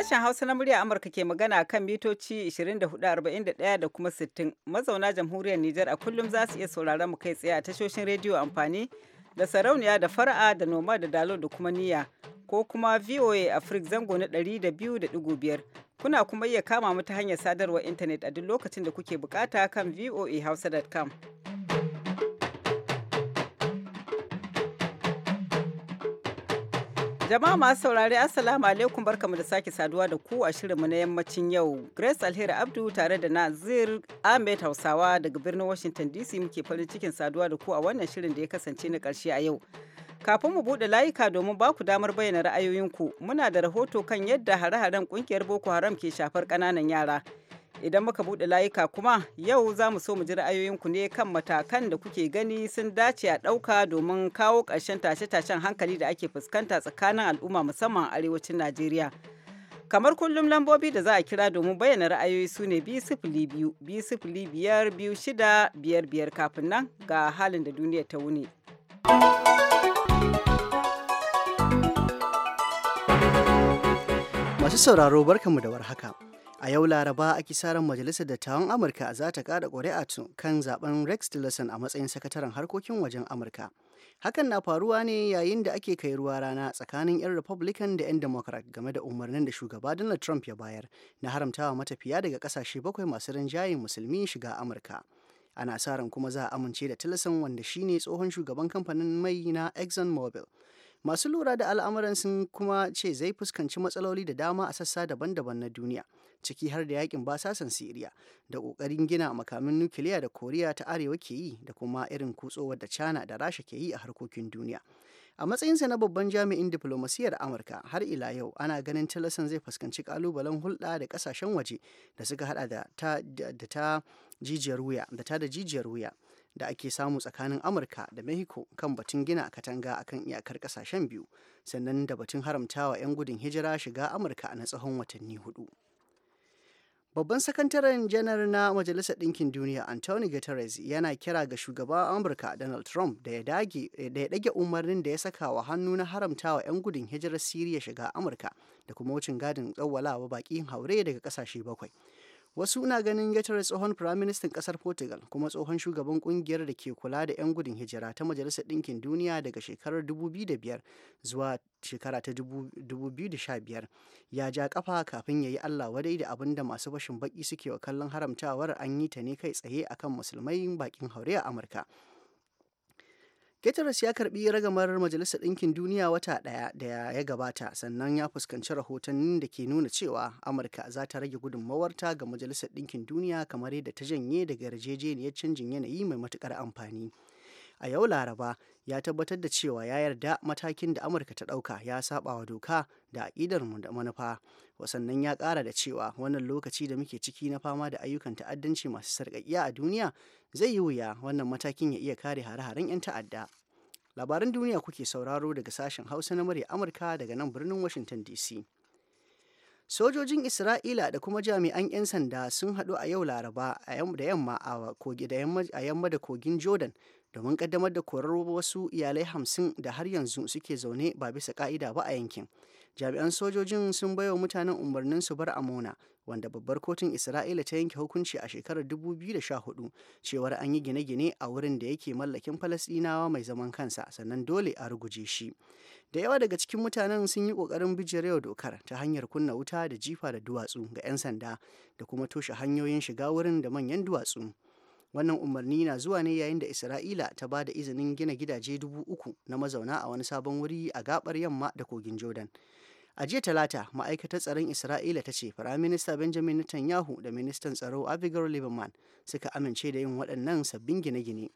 Sashen Hausa na murya Amurka ke magana kan mitoci 24,41 da kuma 60. Mazauna jamhuriyar Nijar a kullum za su iya sauraron mu kai tsaye a tashoshin rediyo amfani da sarauniya da fara'a da noma da dalo da kuma niyya ko kuma VOA Africa zango na 200.5. Kuna kuma iya kama mu ta hanyar sadarwar intanet a duk lokacin da kuke bukata kan voahausa.com. Jama'a masu saurari Assalamu alaikum barkamu da sake saduwa da ku a shirinmu na yammacin yau. Grace Alheri Abdu tare da Nazir Ahmed Hausawa daga birnin Washington DC muke farin cikin saduwa da ku a wannan shirin da ya kasance na karshe a yau. Kafin mu buɗe layuka domin ba ku damar bayyana ra'ayoyinku, muna da rahoto kan yadda hare-haren ƙungiyar Boko Haram ke shafar ƙananan yara. Idan muka buɗe layuka kuma yau za mu so mu ji ra'ayoyinku ne kan matakan da kuke gani sun dace a ɗauka domin kawo ƙarshen tashe-tashen hankali da ake fuskanta tsakanin al'umma musamman a arewacin Najeriya. kamar kullum lambobi da za a kira domin bayyana ra'ayoyi su ne biyu shida biyar biyar kafin nan ga halin da duniya ta wuni. Masu sauraro barkanmu da warhaka. a yau laraba a kisaran majalisar dattawan amurka za ta kada ƙuri'a kan zaben rex tillerson a matsayin sakataren harkokin wajen amurka hakan na faruwa ne yayin da ake kai ruwa rana tsakanin 'yan republican da 'yan democrat game da umarnin da shugaba donald trump ya bayar na haramtawa matafiya daga kasashe bakwai masu rinjayen musulmi shiga amurka ana sa ran kuma za a amince da tillerson wanda shine tsohon shugaban kamfanin mai na exxon mobil masu lura da al'amuran sun kuma ce zai fuskanci matsaloli da dama a sassa daban-daban na duniya ciki har da yakin basasan siriya da kokarin gina makamin nukiliya da koriya ta arewa ke yi da kuma irin kutsowar da china da rasha ke yi a harkokin duniya a matsayinsa na babban jami'in diflomasiyyar amurka har ila yau ana ganin tilasan zai fuskanci kalubalen hulɗa da ƙasashen waje da suka hada da ta da ta da jijiyar wuya da ake samu tsakanin amurka da mexico kan batun gina katanga a kan iyakar kasashen biyu sannan da batun haramtawa 'yan gudun hijira shiga amurka na tsawon watanni hudu babban sakataren janar na majalisar ɗinkin duniya anthony guterres yana kira ga shugaban amurka donald trump da ya dage umarnin da ya saka wa hannu na haramtawa 'yan gudun hijirar siriya shiga amurka da kuma wucin gadin tsawwalawa baƙin haure daga ƙasashe bakwai wasu na ganin getare tsohon firaministan kasar portugal kuma tsohon shugaban kungiyar da ke kula da 'yan gudun hijira ta majalisar ɗinkin duniya daga shekarar 2005 zuwa shekara ta 2015 ya ja kafa kafin ya yi allah wadai da abin da masu bashin baki suke wa kallon haramtawar an yi ta ne kai tsaye akan musulmai bakin haure a amurka Guterres ya karbi ragamar Majalisar Ɗinkin Duniya wata ɗaya da ya gabata sannan ya fuskanci rahotannin da ke nuna cewa Amurka za ta rage gudunmawarta ga Majalisar Ɗinkin Duniya kamar yadda ta janye daga yarjejeniyar canjin yanayi mai matukar amfani. A yau Laraba ya tabbatar da cewa ya yarda matakin da Amurka ta ɗauka ya saba wa doka da aƙidar mu da manufa. Sannan ya ƙara da cewa wannan lokaci da muke ciki na fama da ayyukan ta'addanci masu sarƙaƙiya a duniya zai yi wuya wannan matakin ya iya kare hare-haren 'yan ta'adda labaran duniya kuke sauraro daga sashen hausa na murya amurka daga nan birnin washington dc sojojin isra'ila da kuma jami'an 'yan sanda sun haɗu a yau laraba da yamma a yamma da kogin jordan domin kaddamar da korar wasu iyalai hamsin da har yanzu suke zaune ba bisa ka'ida ba a yankin jami'an sojojin sun baiwa mutanen umarnin su bar amona wanda babbar kotun isra'ila ta yanke hukunci a shekarar 2014 cewar an yi gine-gine a wurin da yake mallakin falasɗinawa mai zaman kansa sannan dole a ruguje shi da yawa daga cikin mutanen sun yi ƙoƙarin bijirewa dokar ta hanyar kunna wuta da jifa da duwatsu ga 'yan sanda da kuma toshe hanyoyin shiga wurin da manyan duwatsu wannan umarni na zuwa ne yayin da isra'ila ta ba da izinin gina gidaje dubu uku na mazauna a wani sabon wuri a gabar yamma da kogin jordan a jiya talata ma'aikatar tsaron isra'ila ta ce firaminista benjamin netanyahu da ministan tsaro abigail lieberman suka amince da yin waɗannan sabbin gine-gine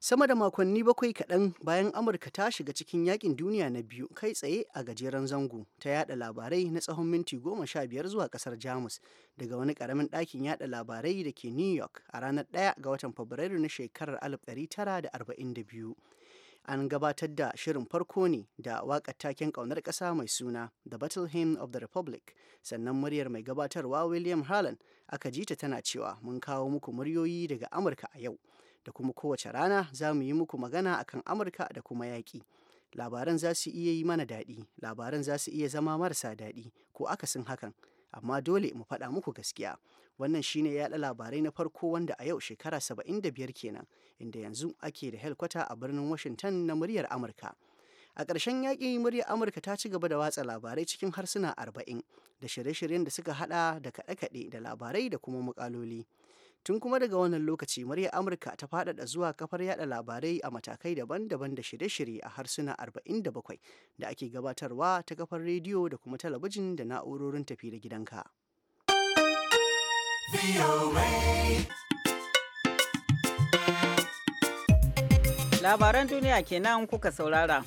sama da makonni bakwai kaɗan bayan amurka ta shiga cikin yakin duniya na biyu kai tsaye a gajeren zango ta yada labarai na tsawon minti goma sha biyar zuwa ƙasar jamus daga wani karamin ɗakin yada labarai da ke new york a ranar ɗaya ga watan fabrairu na shekarar 1942 an gabatar da shirin farko ne da waƙar taken kaunar ƙasa mai suna The Battle Hymn of the Republic sannan muryar mai gabatarwa William Harlan aka ji ta tana cewa mun kawo muku muryoyi daga Amurka a yau da kuma kowace rana za mu yi muku magana akan Amurka da kuma yaƙi. Labaran za su iya yi mana daɗi, labaran za su iya zama marasa daɗi ko akasin hakan, amma dole mu faɗa muku gaskiya. wannan shine yaɗa labarai na farko wanda a yau shekara 75 kenan inda yanzu ake da helkwata a birnin washington na muryar amurka a ƙarshen yaƙi muryar amurka ta ci gaba da watsa labarai cikin harsuna 40 da shirye-shiryen da suka hada da kaɗe-kaɗe da labarai da kuma muƙaloli tun kuma daga wannan lokaci muryar amurka ta faɗaɗa zuwa kafar yada labarai a matakai daban-daban da shirye-shirye a harsuna 47 da ake gabatarwa ta kafar rediyo da kuma talabijin da na'urorin tafi da gidanka. Labaran duniya kenan kuka saurara.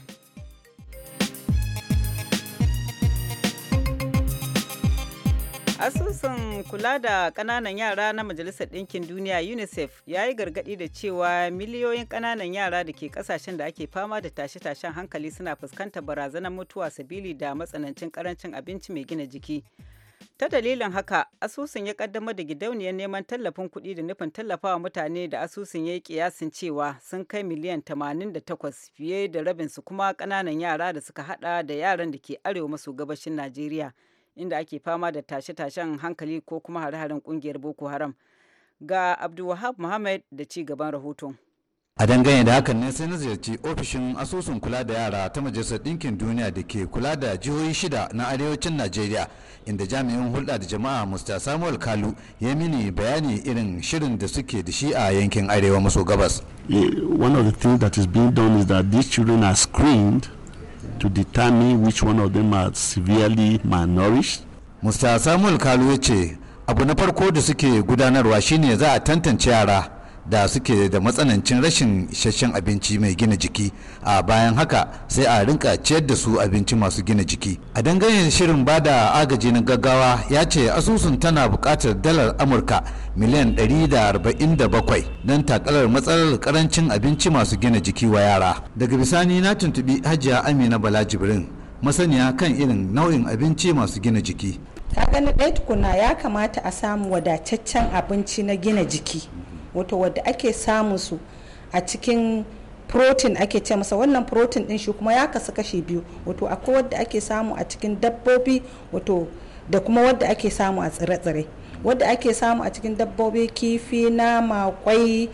Asusun kula da ƙananan yara na Majalisar Ɗinkin Duniya UNICEF ya yi gargaɗi da cewa miliyoyin ƙananan yara da ke ƙasashen da ake fama da tashe-tashen hankali suna fuskantar barazanar mutuwa sabili da matsanancin ƙarancin abinci mai gina jiki. Ta dalilin haka, asusun ya kaddamar da gidauniyar neman tallafin kuɗi da nufin tallafawa mutane da asusun ya yi kiyasin cewa sun kai miliyan 88 fiye da rabin su kuma ƙananan yara da suka hada da yaran da ke arewa maso gabashin Najeriya, inda ake fama da tashe-tashen hankali ko kuma hare-haren kungiyar Boko Haram. Ga Abdulwahab Muhammad da ci gaban rahoton. a dangane da hakan ne sai na ziyarci ofishin asusun kula da yara ta majalisar ɗinkin duniya da ke kula da jihohi shida na arewacin najeriya inda jami'in hulɗa da jama'a musta samuel kalu ya mini bayani irin shirin da suke da shi a yankin arewa maso gabas eh, one of the things that is being done is that these children are screened to determine which one of them are severely malnourished musta samuel kalu ya ce abu na farko da suke gudanarwa shine za a tantance yara da suke da matsanancin rashin isasshen abinci mai gina jiki a bayan haka sai a rinka ciyar da su abinci masu gina jiki a dangane shirin ba da agaji na gaggawa ya ce asusun tana buƙatar dalar amurka miliyan 147 don takalar matsalar karancin abinci masu gina jiki wa yara daga bisani na tuntubi hajiya amina bala jibrin masaniya kan irin nau'in abinci masu gina jiki ta gani ɗaya tukuna ya kamata a samu wadataccen abinci na gina jiki wato wadda ake samun su a cikin protein ake ce masa wannan protein din shi kuma ya kasu kashi biyu wato akwai wadda ake samu a cikin dabbobi wato da kuma wadda ake samu a tsire-tsire wadda ake samu a cikin dabbobi kifi nama kwai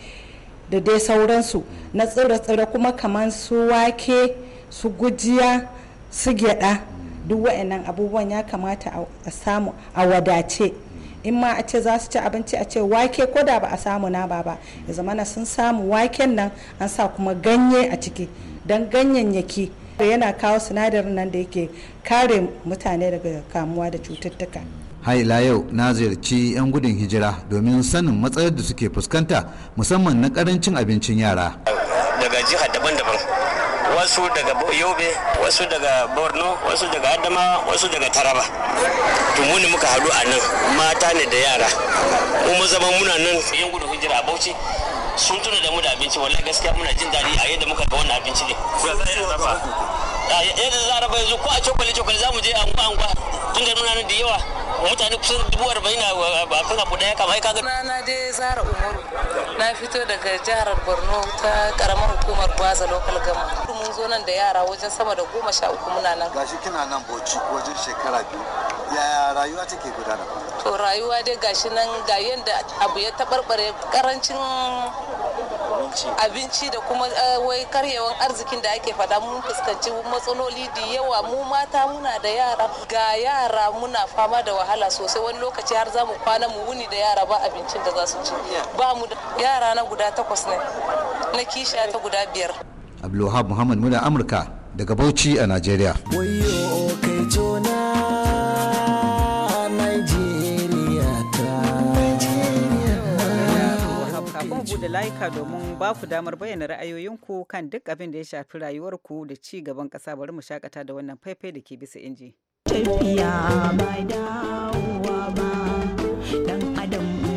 da dai sauransu na tsire-tsire kuma kamar su wake su gujiya su gyada duk wa'annan abubuwan ya kamata a samu a wadace in ma a ce za su ci abinci a ce wake ko da ba a samu na ba ba ya zamana sun samu waken nan an sa kuma ganye a ciki don ganyayyaki yana kawo sinadarin nan da yake kare mutane daga kamuwa da cututtuka haila yau na ziyarci 'yan gudun hijira domin sanin matsayar da suke fuskanta musamman na karancin abincin yara daga jihar daban-daban wasu daga yobe wasu daga borno wasu daga adamawa wasu daga taraba to mu ne muka haɗu a nan mata ne da yara mu zama muna nan yan gudu hijira a bauchi sun tuna da mu da abinci wallahi gaskiya muna jin daɗi a yadda muka ga wannan abinci ne yadda za a yanzu ko a cokali cokali za mu je anguwa anguwa tun da muna nan da yawa mutane kusan dubu arba'in a kan abu daya kama kaga na dai zara umaru na fito daga jihar borno ta karamar hukumar Gwaza local gama mun zo nan da yara wajen sama da goma sha uku muna nan gashi kina nan bauchi wajen shekara biyu yaya rayuwa take gudana to rayuwa dai gashi nan ga yadda abu ya tabarbare karancin abinci da kuma eh, wai karyewan arzikin da ake faɗa mun fuskanci matsaloli da yawa mu mata muna da yara ga yara muna fama da wahala sosai wani lokaci har za mu kwana mu wuni da yara ba abincin da za su ci ba mu yara na guda takwas ne na kisha ta guda biyar abdulwahab muhammad muna amurka daga bauchi a Najeriya. da laika domin ba ku damar bayyana ra'ayoyinku kan duk abin da ya shafi rayuwarku da ci gaban ƙasa bari mu shakata da wannan faifai da ke bisa inji. Tafiya ba dawowa ba, ɗan adam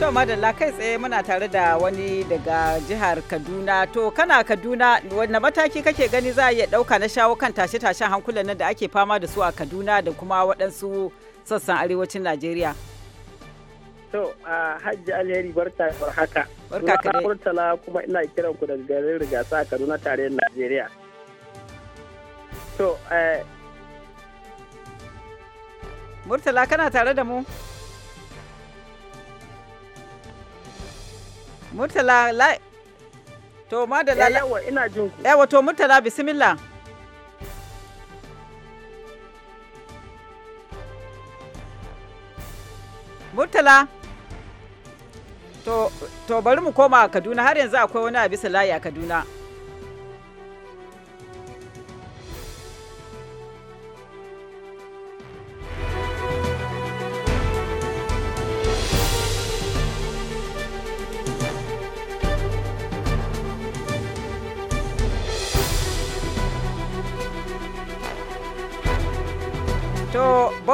To madalla kai tsaye muna tare da wani daga jihar Kaduna. To kana Kaduna wanne mataki kake gani za a iya ɗauka na shawo kan tashe-tashen hankulan nan da ake fama da su a Kaduna da kuma waɗansu sassan arewacin Najeriya? To a Hajji Alheri barka da haka. Barka ka dai. Murtala kuma ina kiran ku daga garin Rigasa a Kaduna da Najeriya. To eh, Murtala kana tare da mu? Murtala la to la yawa ina jin ku. Yawa to Murtala bismillah. Murtala to to bari mu koma Kaduna har yanzu akwai wani a bisa layi a Kaduna.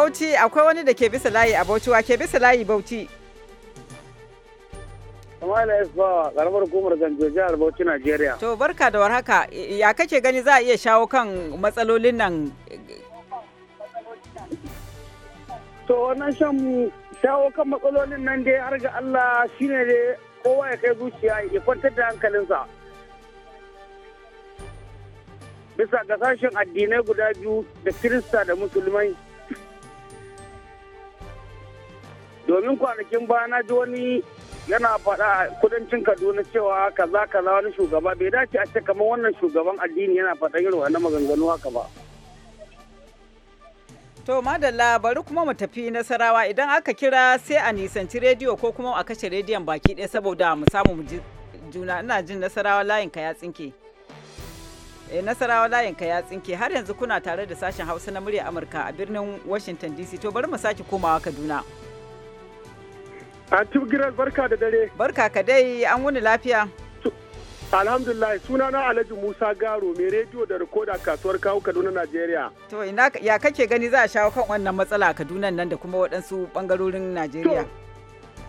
Bauchi akwai wani da ke bisa layi a Bauchi wa ke bisa layi Bauchi. Kamala ba karamar hukumar Ganjo jihar Bauchi Najeriya. To barka da warhaka, ya kake gani za a iya shawo kan matsalolin nan? To wannan shan shawo kan matsalolin nan dai har ga Allah shine dai kowa ya kai zuciya ya kwantar da hankalinsa. Bisa ga sashen addinai guda biyu da Kirista da Musulmai domin kwanakin bana na ji wani yana faɗa a kudancin kaduna cewa kaza kaza wani shugaba bai dace a ce kamar wannan shugaban addini yana faɗa irin wannan maganganu haka ba to madalla bari kuma mu tafi nasarawa idan aka kira sai a nisanci rediyo ko kuma a kashe rediyon baki ɗaya saboda mu samu juna ina jin nasarawa layin ka ya tsinke e nasarawa layin ka ya tsinke har yanzu kuna tare da sashen hausa na murya amurka a birnin washington dc to bari mu sake komawa kaduna Anti tubgirar barka da dare. Barka ka dai an wuni lafiya. Alhamdulillah na Alhaji Musa Garo mai rediyo da rikoda kasuwar kawo Kaduna Najeriya. To ina ya kake gani za a shawo kan wannan matsala Kaduna nan da kuma waɗansu bangarorin Najeriya.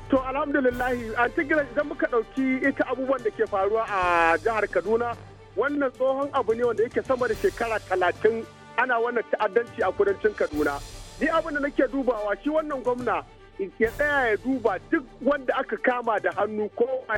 To alhamdulillahi Anti Giras idan muka ɗauki ita abubuwan da ke faruwa a jihar Kaduna wannan tsohon abu ne wanda yake sama da shekara talatin ana wannan ta'addanci a kudancin Kaduna. Ni abin da nake dubawa shi wannan gwamna ke tsaya ya duba duk wanda aka kama da hannu ko a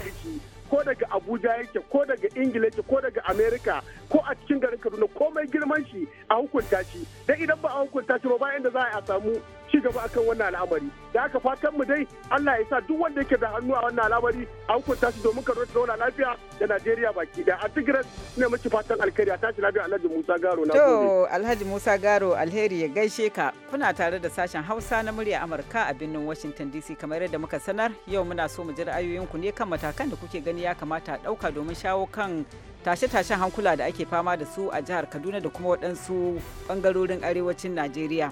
ko daga abuja yake ko daga ingila yake ko daga Amerika ko a cikin garin kaduna ko mai girman shi a hukunta shi dan idan ba a hukunta shi ba bayan da za a samu ci gaba akan wannan al'amari da aka fatan mu dai Allah ya sa duk wanda yake da hannu a wannan al'amari a hukunta shi domin kaduna ta zauna lafiya da Najeriya baki ɗaya a tigres ne miki fatan alkhairi a tashi lafiya Alhaji Musa Garo na to Alhaji Musa Garo alheri ya gaishe ka kuna tare da sashen Hausa na murya Amurka a birnin Washington DC kamar yadda muka sanar yau muna so mu ji ra'ayoyinku ne kan matakan da kuke gani gani ya kamata a ɗauka domin shawo kan tashe-tashen hankula da ake fama da su a jihar kaduna da kuma waɗansu ɓangarorin arewacin najeriya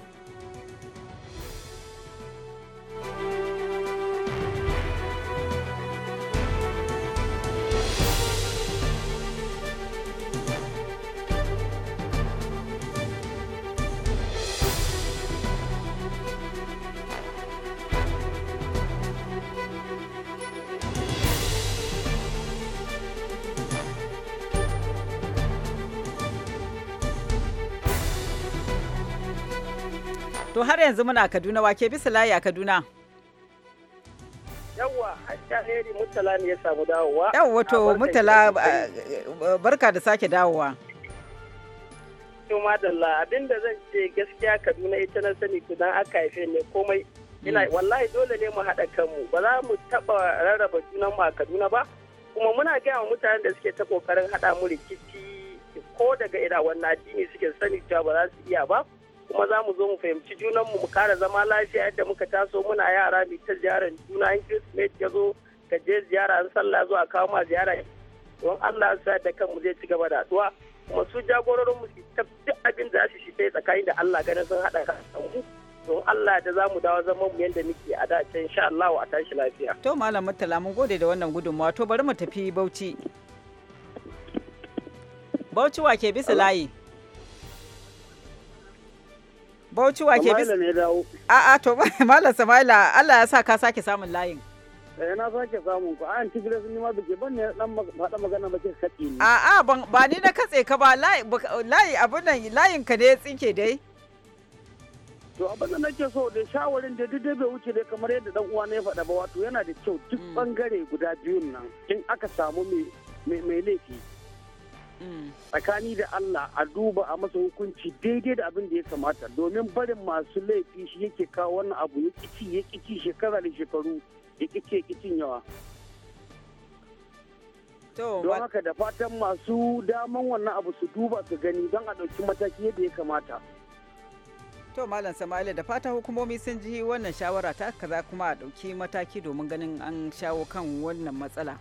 To har yanzu muna Kaduna wake bisa layi a Kaduna. Yawwa, alheri mutala ya samu dawowa. to mutala barka da sake dawowa. To madalla abinda zan ce gaskiya Kaduna ita na sani kudan aka haife ne komai ina mm. wallahi dole ne mu haɗa kanmu ba za mu taɓa rarraba junan mu a Kaduna ba kuma muna gaya wa mutanen da suke ta kokarin haɗa mu rikici ko daga wannan addini suke sani cewa ba za su iya ba. kuma za mu zo mu fahimci junanmu mu kara zama lafiya yadda muka taso muna yara mai ta ziyarar juna in kirsimeti ya zo ka je ziyara an sallah zuwa kawo ma ziyara don Allah sa da kan mu zai ci gaba da haɗuwa kuma su mu su tafi abin da su shi sai tsakanin da Allah ganin sun haɗa kanmu don Allah da za mu dawo zaman mu yadda muke a da can insha Allah a tashi lafiya. To malam mutala mun gode da wannan gudunmawa to bari mu tafi Bauchi. Bauchi wa ke bisa layi. Bauchi wa ke bisa. ne dawo. A'a to Malam Samaila Allah ya sa ka sake samun layin. Eh na sake samun ku. An ci sun ni ma bike ban ne dan faɗa magana ba ke katse ni. A'a ban ba ni na katse ka ba layi layi abun nan layin ka ne tsinke dai. To abin da nake so da shawarin da duk bai wuce dai kamar yadda dan uwa ne ya faɗa ba wato yana da kyau duk bangare mm. guda biyun nan in aka samu mai laifi. tsakani da Allah a duba a masa hukunci daidai da abin da ya kamata domin barin masu laifi shi yake kawo wannan abu ya kici ya kici shekara da shekaru ya kici ya kicin yawa don haka da fatan masu daman wannan abu su duba su gani don a ɗauki mataki yadda ya kamata to malam sama'ila da fatan hukumomi sun ji wannan shawara ta kaza kuma a ɗauki mataki domin ganin an shawo kan wannan matsala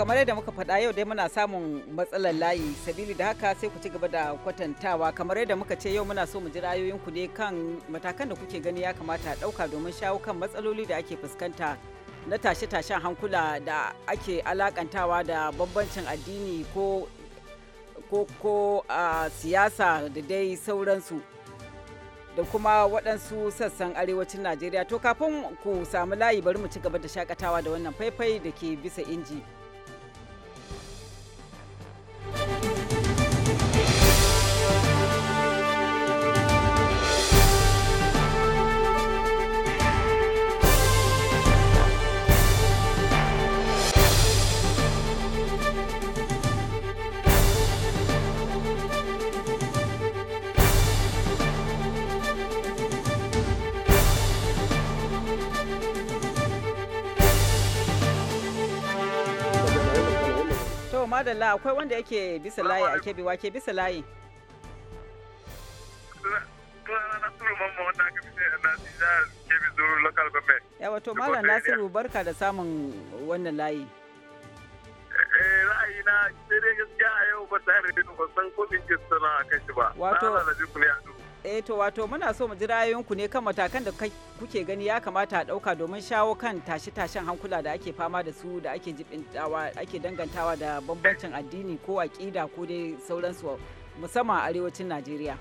kamar yadda muka faɗa yau dai muna samun matsalar layi sabili da haka sai ku ci gaba da kwatantawa kamar yadda muka ce yau muna so mu ji ku ne kan matakan da kuke gani ya kamata ɗauka domin shawo kan matsaloli da ake fuskanta na tashe-tashen hankula da ake alakantawa da bambancin addini ko ko ko a siyasa da dai sauransu da kuma waɗansu sassan arewacin najeriya to kafin ku samu layi bari mu ci gaba da shakatawa da wannan faifai da ke bisa inji. madalla akwai wanda yake bisa layi a kebe wake bisa layi yawa to malam nasiru barka da samun wannan layi eh, eh, ra'ayi na a yau ba tare ba wato eh to wato muna so mu ji yayinku ne kan matakan da kuke gani ya kamata a ɗauka domin shawo kan tashe-tashen hankula da ake fama da su da ake jibintawa ake dangantawa da bambancin addini ko aqida ko dai sauransu musamman a arewacin Najeriya.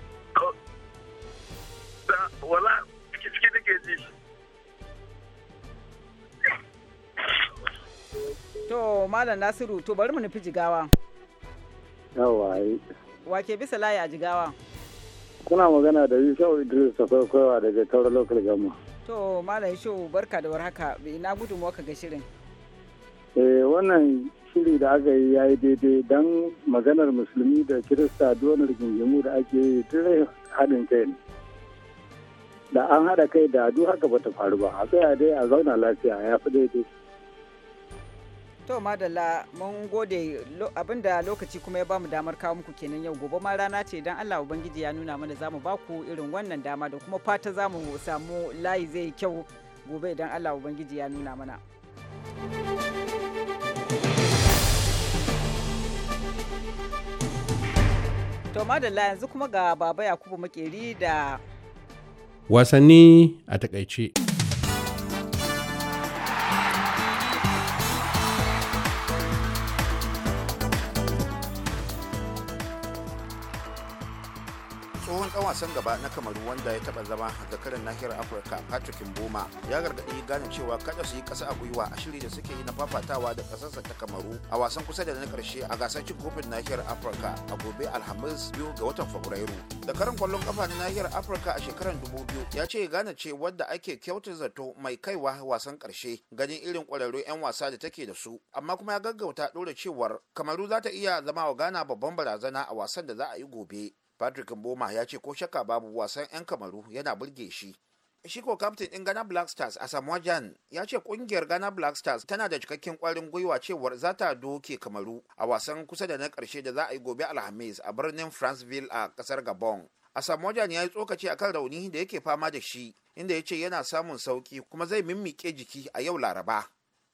Wala ciki nake ji. To Malam Nasiru to bari mu nufi jigawa. Yawa. Wake bisa layi a jigawa. kuna magana da Yushau Idris ta da daga Tauro Local Gama. To Malam Yushau barka da warhaka ina gudu ka ga shirin. Eh wannan shiri da aka yi ya yi daidai don maganar musulmi da kirista duwani rigingimu da ake yi tun haɗin kai ne. Da an haɗa kai da duk haka bata faru ba a tsaya dai a zauna lafiya ya fi daidai. To madalla mun gode abinda lokaci kuma ya bamu damar kawo muku kenan yau gobe ma rana ce idan Allah Ubangiji ya nuna mana zamu ba ku irin wannan dama da kuma fata zamu samu layi zai kyau gobe idan Allah Ubangiji ya nuna mana. To la yanzu kuma ga Baba Yakubu Makeri da wasanni a takaice. wasan gaba na kamaru wanda ya taba zama zakaran nahiyar afirka patrick mboma ya gargaɗi gane cewa kada su yi kasa a gwiwa a shiri da suke yi na fafatawa da kasarsa ta kamaru a wasan kusa da na karshe a gasar cin kofin nahiyar afirka a gobe alhamis biyu ga watan fabrairu karin kwallon kafa na nahiyar afirka a shekarar dubu biyu ya ce gane ce wadda ake kyautar zato mai kaiwa wasan karshe ganin irin kwararru 'yan wasa da take da su amma kuma ya gaggauta ɗora cewar kamaru za ta iya zama wa gana babban barazana a wasan da za a yi gobe patrick mboma ya ce ko shakka babu wasan 'yan kamaru yana burge shi shi ko kaftin din ghana black stars a samuajan ya ce ƙungiyar ghana black stars tana da cikakken kwarin gwiwa cewar za ta doke kamaru a wasan kusa da na karshe da za a yi gobe alhamis a birnin franceville a ƙasar gabon a samuajan ya yi tsokaci kan rauni da yake fama da shi inda ya ce yana samun sauki kuma zai mimmike jiki a yau laraba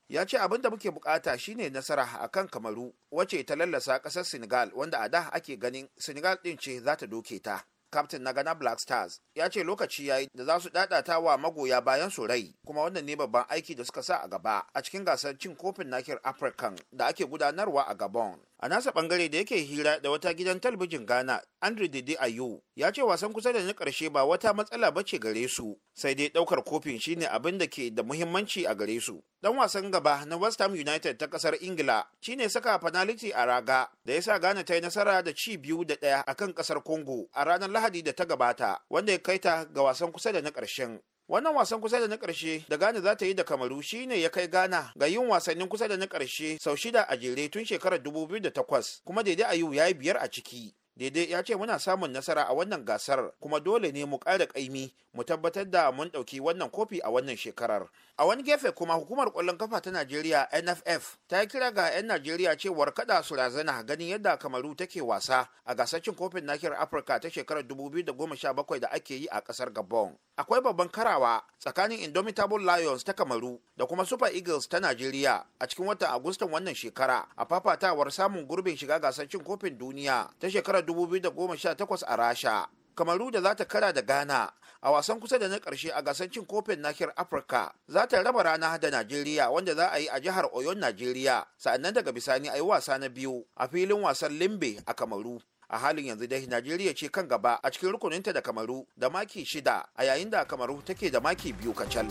ya ce abin da muke bukata shine nasara a kan kamaru wace ta lallasa kasar senegal wanda a da ake ganin senegal din ce za ta doke ta captain na gana black stars ya ce lokaci ya yi da za su dadata wa magoya bayan su rai kuma wannan ne babban aiki da suka sa a gaba a cikin gasar cin kofin nakir african da ake gudanarwa a gabon a nasa bangare da yake hira da wata gidan talbijin ghana andre dede ayu ya ce wasan kusa da na karshe ba wata matsala ba ce gare su sai dai daukar kofin shine abin da ke da muhimmanci a gare su dan wasan gaba na west ham united ta kasar ingila shine saka penalty a raga da ya sa ghana ta yi nasara da ci biyu da daya akan kasar congo a ranar lahadi da ta gabata wanda ya kai ta ga wasan kusa da na karshen wannan wasan kusa da na karshe da Ghana za ta yi da Kamaru shine ya kai Ghana ga yin wasannin kusa da na karshe sau shida a jere tun shekarar 2008 kuma daidai ayu ya yi biyar a ciki. Daidai ya ce muna samun nasara a wannan gasar kuma dole ne mu ƙara ƙaimi mu tabbatar da mun ɗauki wannan kofi a wannan shekarar. a wani gefe kuma hukumar kwallon kafa ta najeriya nff ta yi kira ga 'yan najeriya cewar kada su razana ganin yadda kamaru take wasa a gasar kofin nahiyar afirka ta shekarar 2017 da ake yi a kasar gabon akwai babban karawa tsakanin indomitable lions ta kamaru da kuma super eagles ta najeriya a cikin watan agustan wannan shekara a fafatawar samun gurbin shiga gasar kofin duniya ta shekarar 2018 a rasha kamaru da za ta kara da ghana a wasan kusa da na ƙarshe a gasar cin kofin nahiyar afirka za ta raba rana da najeriya wanda za a yi a jihar oyon najeriya sa'annan daga bisani a yi wasa na biyu a filin wasan limbe a kamaru a halin yanzu dai najeriya ce kan gaba a cikin rukuninta da kamaru da maki shida a yayin da kamaru take da maki biyu kacal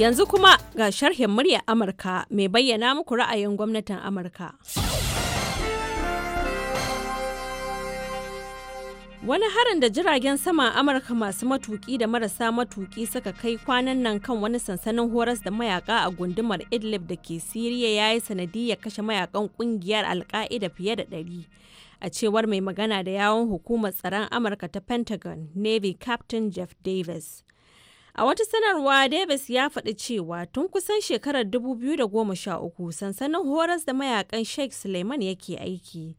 yanzu kuma ga sharhin murya amurka mai bayyana muku ra'ayin gwamnatin amurka Wani harin da jiragen sama Amurka masu matuki da marasa matuki suka kai kwanan nan kan wani sansanin horas da mayaka a gundumar Idlib da ke Siriya ya yi sanadiyar kashe mayakan kungiyar Alka'ida fiye da ɗari. A cewar mai magana da yawon hukumar tsaron Amurka ta Pentagon, Navy Captain Jeff Davis. A wata sanarwa Davis ya faɗi cewa tun kusan shekarar 2013 sansanin horas da mayakan Sheikh Suleiman yake aiki.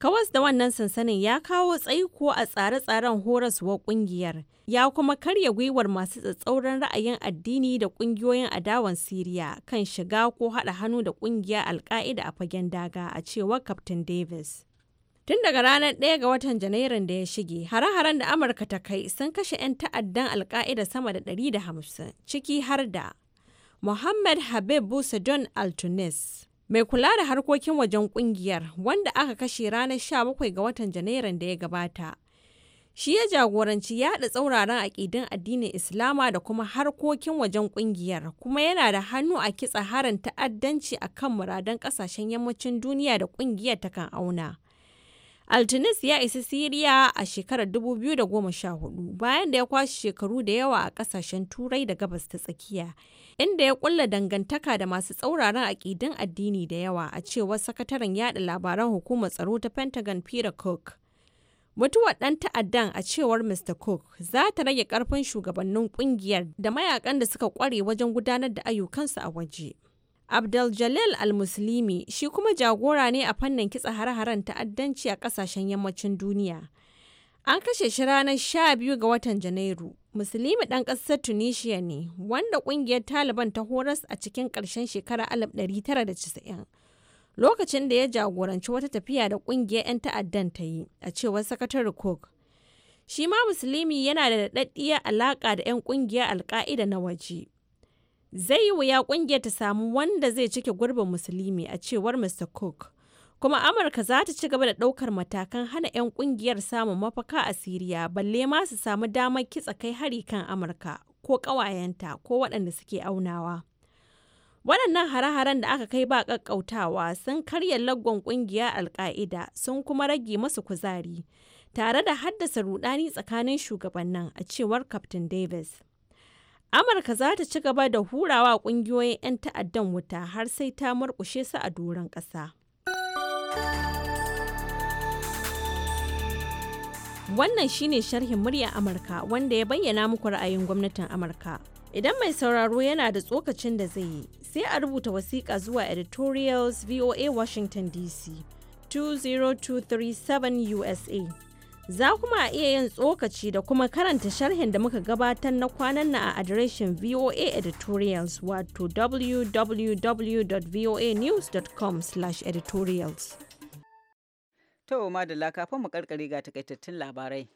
Kawas da wannan sansanin ya kawo tsaiko a tsare-tsaren horas wa kungiyar, ya kuma karya gwiwar masu tsatsauran ra'ayin addini da kungiyoyin adawan Siriya kan shiga ko haɗa hannu da kungiyar Alka'ida a fagen daga a cewar Captain Davis. Tun daga ranar ɗaya ga watan Janairun da ya shige, hare-haren da Amurka ta kai sun kashe 'yan ta'addan Alka'ida sama da 150, ciki har da Muhammad Habib Busa John Altunis. mai kula da harkokin wajen kungiyar wanda aka kashe ranar 17 ga watan janairun da ya gabata shi ya jagoranci yada tsauraran akidin addinin islama da kuma harkokin wajen kungiyar kuma yana da hannu a kitsa harin ta'addanci a kan muradan ƙasashen yammacin duniya da kungiyar ta kan auna altunis ya isa siriya a shekarar 2014 bayan da ya kwashe shekaru da yawa a kasashen turai da gabas ta tsakiya inda ya kulla dangantaka da masu tsauraran aƙidun addini da yawa a cewar sakataren yada labaran hukumar tsaro ta pentagon peter cook mutuwar ɗan ta'addan a cewar mr cook za ta rage ƙarfin shugabannin ƙungiyar da mayakan da suka ƙware wajen gudanar da ayyukansu a waje. AbdulJalil jalil Al-Muslimi shi kuma jagora ne a fannin kitsa hare-haren ta'addanci a ƙasashen yammacin duniya. An kashe shi ranar 12 ga watan Janairu. Musulmi ɗan ƙasar Tunisia ne, wanda ƙungiyar Taliban ta horas a cikin ƙarshen shekarar 1990. Lokacin da ya jagoranci wata tafiya da ƙungiyar 'yan ta'addan ta yi, a cewar sakatare Cook. Shi ma Musulmi yana da daɗaɗɗiyar alaƙa da 'yan ƙungiyar Alƙa'ida na waje. Zai yi wuya kungiyar ta samu wanda zai cike gurbin musulmi a cewar Mr. Cook. Kuma Amurka za ta ci gaba da ɗaukar matakan hana 'yan kungiyar samun mafaka a Siriya balle ma su samu damar kitsa kai hari kan Amurka ko kawayenta ko waɗanda suke aunawa. Waɗannan hare-haren da aka kai ba ƙaƙƙautawa sun karya laggon ƙungiya Alƙa'ida sun kuma rage masu kuzari, tare da haddasa rudani tsakanin shugabannin a cewar Captain Davis. Amurka za ta ci gaba da hurawa kungiyoyin 'yan ta'addan wuta har sai ta murƙushe su a doron ƙasa. Wannan shine sharhin muryar Amurka wanda ya bayyana muku ra'ayin gwamnatin Amurka. Idan mai sauraro yana da tsokacin da zai yi, sai a rubuta wasiƙa zuwa editorials VOA Washington DC 20237 USA. Za kuma a iya yin tsokaci da kuma karanta sharhin da muka gabatar na kwanan na a adireshin VOA editorials wato www.voanews.com/editorials. To, da kafin mu karkare ga takaitattun labarai.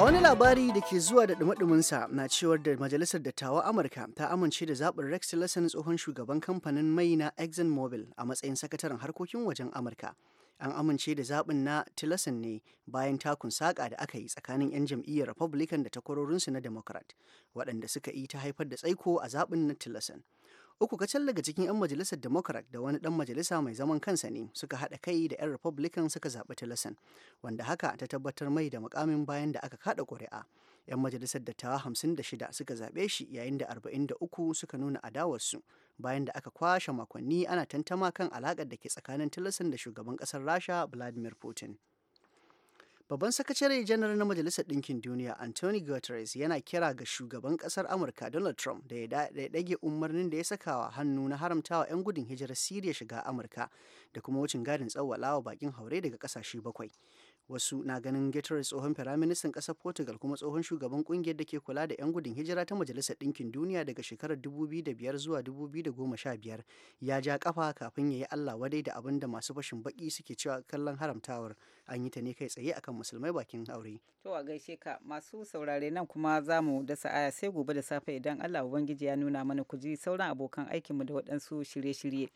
A wani labari da ke zuwa da dumadumunsa na cewar da Majalisar Dattawan Amurka ta amince da zaɓin Rex Tillerson tsohon shugaban kamfanin mai na ExxonMobil a matsayin sakataren harkokin wajen Amurka. An amince da zaɓin na Tillerson ne bayan takun saƙa da aka yi tsakanin 'yan jam'iyyar Republican da takwarorinsu na Democrat, waɗanda suka yi ta haifar da tsaiko a zaɓin na Tillerson. uku kacal daga cikin 'yan majalisar democrat da wani dan majalisa mai zaman kansa ne suka haɗa kai da 'yan republican suka zaɓi tillerson wanda haka ta tabbatar mai da mukamin bayan da aka kaɗa ƙuri'a 'yan majalisar dattawa 56 suka zaɓe shi yayin da 43 suka nuna adawarsu bayan da aka kwashe makonni ana tantama kan alaƙar da ke tsakanin tillerson da shugaban ƙasar rasha vladimir putin Babban sakatare janar na Majalisar Ɗinkin Duniya Anthony Guterres yana kira ga shugaban ƙasar Amurka Donald Trump da ya ɗage umarnin da ya sakawa hannu na haramtawa 'yan gudun hijirar Siriya shiga Amurka da kuma wucin gadin tsawwalawa bakin haure daga ƙasashe bakwai. wasu na ganin gatorade tsohon firaministan ƙasar portugal kuma tsohon shugaban ƙungiyar da ke kula da 'yan gudun hijira ta majalisar ɗinkin duniya daga shekarar 2005 zuwa 2015 ya ja kafa kafin ya yi allah wadai da abin da masu fashin baki suke cewa kallon haramtawar an yi ta ne kai tsaye akan musulmai bakin aure to a gaishe ka masu saurare nan kuma za mu dasa aya sai gobe da safe idan allah ubangiji ya nuna mana ku ji sauran abokan aikinmu da waɗansu shirye-shirye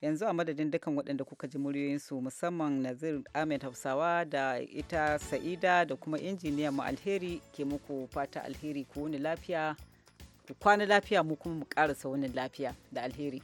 yanzu a madadin dukkan waɗanda kuka ji muryoyinsu musamman nazir ahmed hausawa da ita sa'ida da kuma injiniya mu alheri ke muku fata alheri ku wani lafiya ku kwana lafiya mu kuma mu ƙarasa wani lafiya da alheri